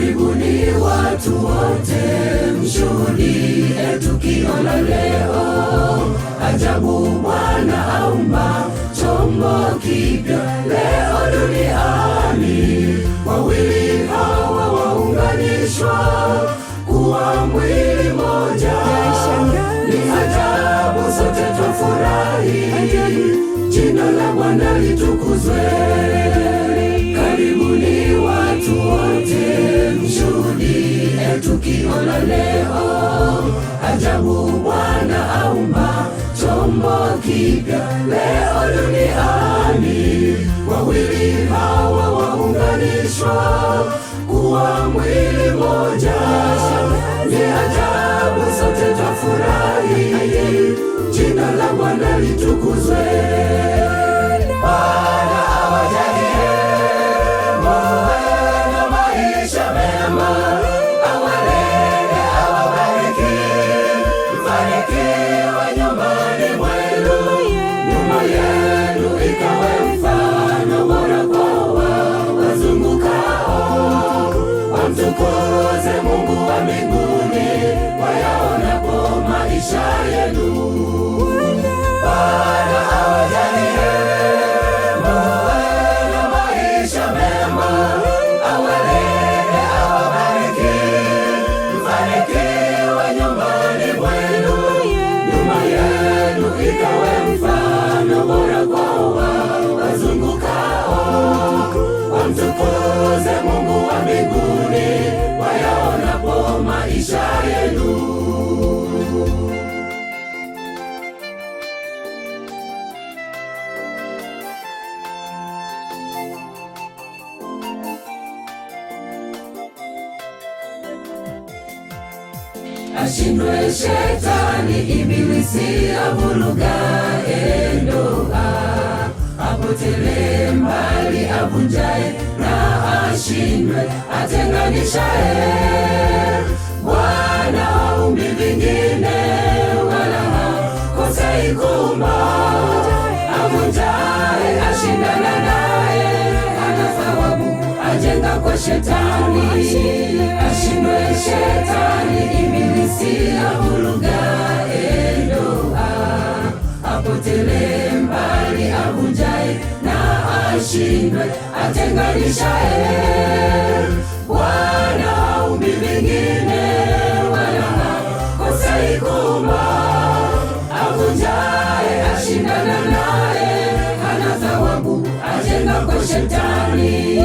Karibuni watu wote mshuhudie etukio la leo. Ajabu Bwana aumba chombo kipya leo duniani. Wawili hawa waunganishwa kuwa mwili moja, ni ajabu, sote twafurahi, Jina la Bwana litukuzwe. tukio la leo, ajabu Bwana aumba chombo kipya leo duniani, wawili hawa waunganishwa kuwa mwili mmoja, ni ajabu, sote tafurahi. Jina la Bwana litukuzwe. maisha yenu ashindwe shetani ibilisi, avuruga endoa, apotele mbali, avunjae na ashindwe, atenganishae Bwana umbi vingine, wala hakosei kumba, avunjae ashindana naye, ana thawabu ajenga kwa shetani, ashindwe kila avulugaye ndoa apotelee mbali, avunjaye na ashindwe, atenganishaye Bwana umbi vingine wala kosaikumba, avunjaye ashindana naye hana zawabu ajenga kwa shetani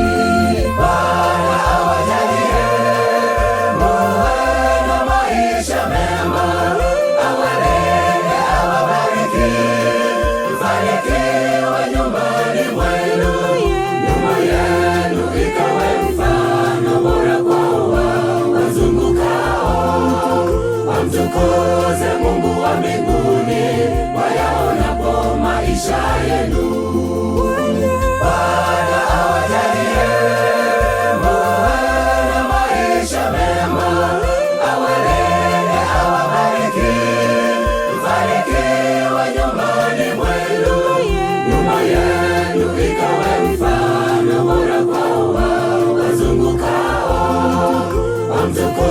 どこ